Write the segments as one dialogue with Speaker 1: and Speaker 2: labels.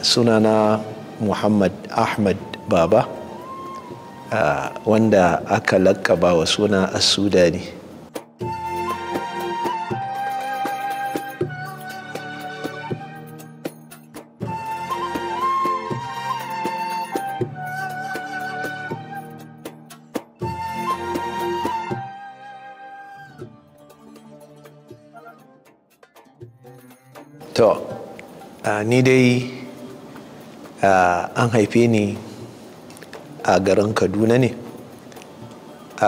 Speaker 1: sunana muhammad ahmad baba wanda aka lakaba wa suna as-sudani to ni dai Ah, an haife ni a garin kaduna ne a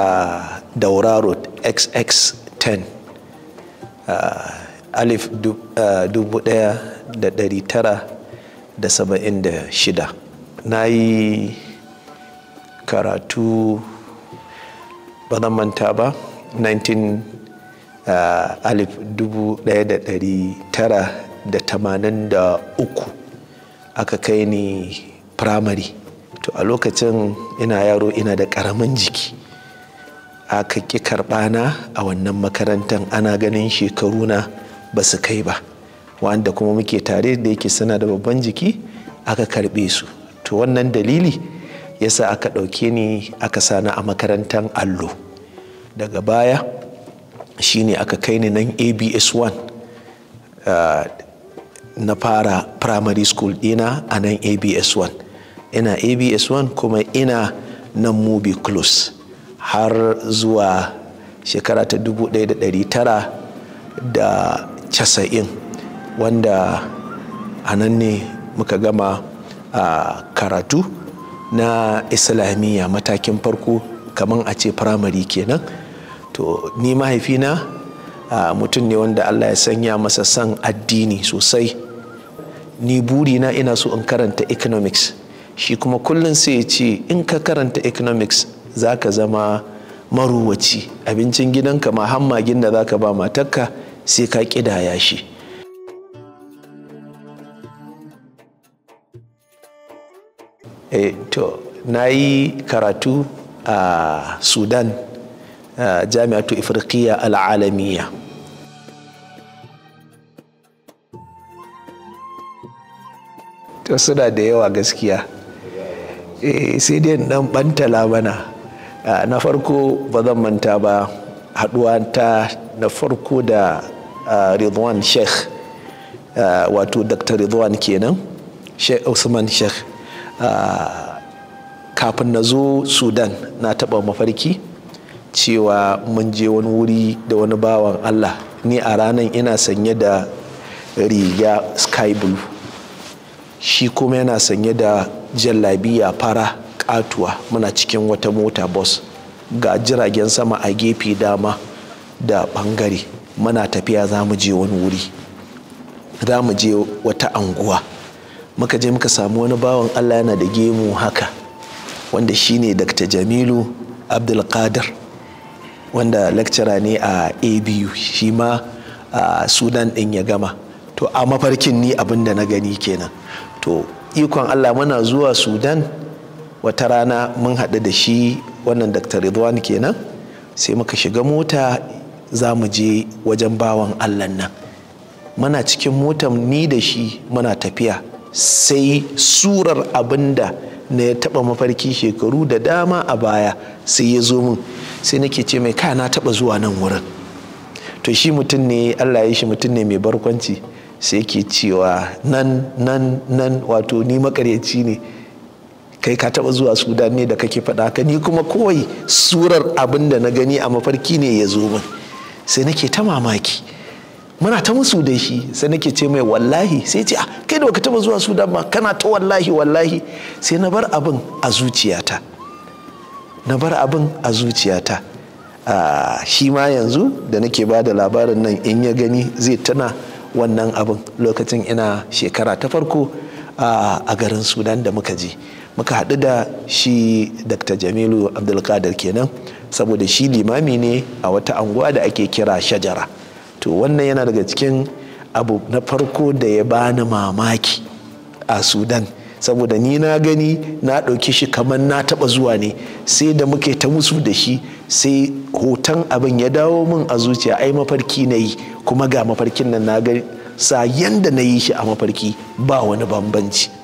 Speaker 1: ah, daura road xx10 ah, alif 1976 na yi karatu ba manta ba 19 alif uku aka kai ni primary to a lokacin ina yaro ina da ƙaramin jiki aka ƙi na a wannan makarantar ana ganin shekaruna ba su kai ba wanda kuma muke tare da yake suna da babban jiki aka karɓe su to wannan dalili yasa aka ɗauke ni aka sani a makarantar allo daga baya shine aka kai ni nan abs 1 na fara primary school ɗina a nan abs1 ina abs1 kuma ina nan movie close har zuwa shekara ta 1990 wanda a nan ne muka gama a karatu na islamiyya matakin farko kamar a ce firamare kenan to ni mahaifina mutum ne wanda Allah ya sanya masa san addini sosai ni buri na ina so in karanta economics shi kuma kullum sai ya ce in ka karanta economics za ka zama maruwaci abincin gidanka ma hammagin da za ka ba matarka sai ka kidaya shi eh, to na yi karatu a sudan jami'atu ifriqiya al'alamiya to suna da yawa gaskiya eh, sai dai dan bantala mana na farko ba zan manta ba haduwa ta na farko da ridwan sheikh wato dr ridwan kenan sheikh usman sheikh kafin na zo sudan na taɓa mafarki cewa mun je wani wuri da wani bawan allah ni a ranar ina sanye da riga sky blue shi kuma yana sanye da jallabiya fara katuwa muna cikin wata mota bus ga jiragen sama a gefe dama da bangare muna tafiya za mu je wani wuri za mu je wata anguwa muka je muka samu wani bawan allah yana da gemu haka wanda shine dr jamilu abdulkadir wanda lecturer ne a abu shi ma a sudan din ya gama to a mafarkin ni abin da na gani kenan to ikon allah muna zuwa sudan wata rana mun haɗu da shi wannan dr ridwan kenan sai muka shiga mota za mu je wajen bawan allah nan muna cikin motar ni da shi muna tafiya sai surar abinda na ya taɓa mafarki shekaru da dama a baya sai ya zo min sai nake ce mai ka na taba zuwa nan wurin to shi mutum ne allah ya shi mutum ne mai barkwanci sai yake cewa nan nan nan wato ni makaryaci ne kai ka taba zuwa sudan ne da kake faɗa ka ni kuma kawai surar abin da na gani a mafarki ne ya zo min sai nake ta mamaki muna ta musu da shi sai nake ce mai wallahi sai ce ah kai da baka taba zuwa sudan ba kana ta wallahi wallahi sai na bar abin a zuciyata na bar abin a zuciyata shi ma yanzu da nake ba da labarin nan in ya gani zai tuna wannan abin lokacin ina shekara ta farko a garin sudan da muka je muka haɗu da shi dr jamilu abdulkadir kenan saboda shi limami ne a wata anguwa da ake kira shajara to wannan yana daga cikin abu na farko da ya bani mamaki a sudan saboda ni na gani na ɗauki shi kamar na taɓa zuwa ne sai da muke ta musu da shi sai hoton abin ya dawo min a zuciya ai mafarki na yi kuma ga mafarkin nan na gani sa yanda na yi shi a mafarki ba wani bambanci